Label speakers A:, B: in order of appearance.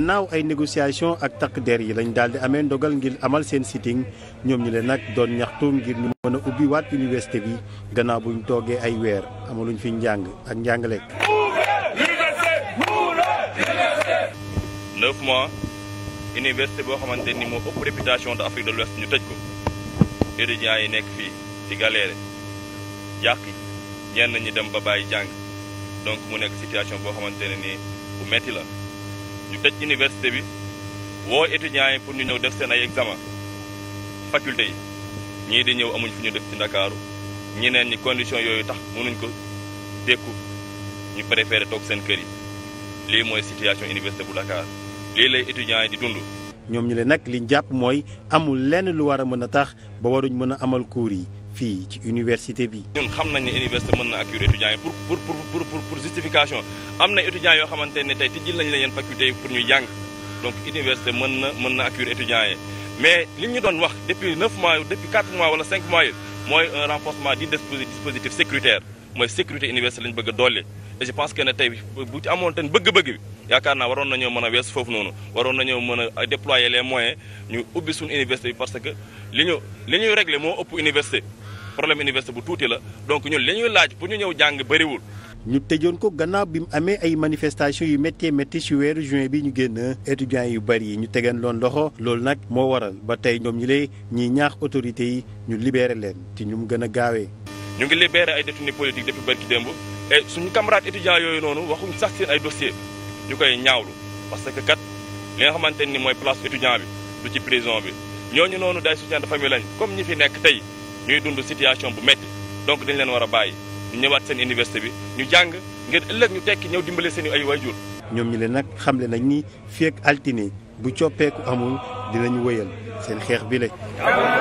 A: gannaaw ay négociation ak takk der yi lañu daal di amee ndogal ngir amal seen sitting ñoom ñu leen nag doon ñaxtu ngir ñu mën a ubbi waat université bi gannaaw buñ toogee ay weer amaluñ fi njàng ak njàngale.
B: neuf mois université boo xamante ni moo ëpp réputation de Afrique de l'Ouest ñu tëj ko étudiants yi nekk fii di galéré yàq ñenn ñi dem ba bàyyi jàng donc mu nekk situation boo xamante ne nii bu metti la. ñu tëj université bi woo étudiants yi pour ñu ñëw def seen ay examen faculté yi ñii di ñëw amuñ fu ñu def ci ndakaaru neen ñi condition yooyu tax mënuñ ko dékku ñu préféré toog seen kër yi lii mooy situation université bu Dakar lii lay étudiants di dund
A: ñoom ñu le nag liñ jàpp mooy amul lenn lu war a mën a tax ba waruñ mën a amal cours yi fii ci université bi.
B: ñun xam nañ ne université mën na accueillir étudiants yi pour pour pour justification am na étudiants yoo xamante ne tey tijji lañ la yenn faculté yi pour ñu jàng donc université mën na mën na accueillir étudiants yi mais li ñu doon wax depuis 9 mois depuis 4 mois wala 5 mois yi mooy un renforcement du dispositif sécuritaire mooy sécurité université lañ bëgg a dolli je pense que ne tey bu amoon ten bëgg-bëgg bi yaakaar nañoo mën a weesu foofu noonu waroon nañoo mën a déployer les ñu ubbi suñu université bi que li ñu li ñuy régler moo ëpp université problème université bu tuuti la donc ñun li ñuy laaj pour ñu ñëw jàng bëriwul.
A: ñu tëjoon ko gannaaw bi mu amee ay manifestation yu méttee métti ci weeru juin bi ñu génn étudiants yu bëri yi ñu tegan loon loxo loolu nag moo waral ba tey ñoom ñi lay ñiy ñaax autorités yi ñu libeere leen ci ñu mu gën a gaawee.
B: ñu ngi libéré ay détenus politiques depuis barki démb et suñu camarades étudiants yooyu noonu waxuñ sax seen ay dossiers ñu koy ñaawlu parce que kat li nga xamante ni mooy place étudiant bi ci prison bi ñooñu noonu day soutien de famille lañ fi nekk tey. ñuy dund situation bu métti donc dañ leen war a bàyyi ñu ñëwaat seen université bi ñu jàng ngeen ëllëg ñu tekki ñëw dimbale seen ay waajur
A: ñoom ñi leen nag xamle nañ ni fii ak altine bu coppeeku amul dinañu wëyal seen xeex bi la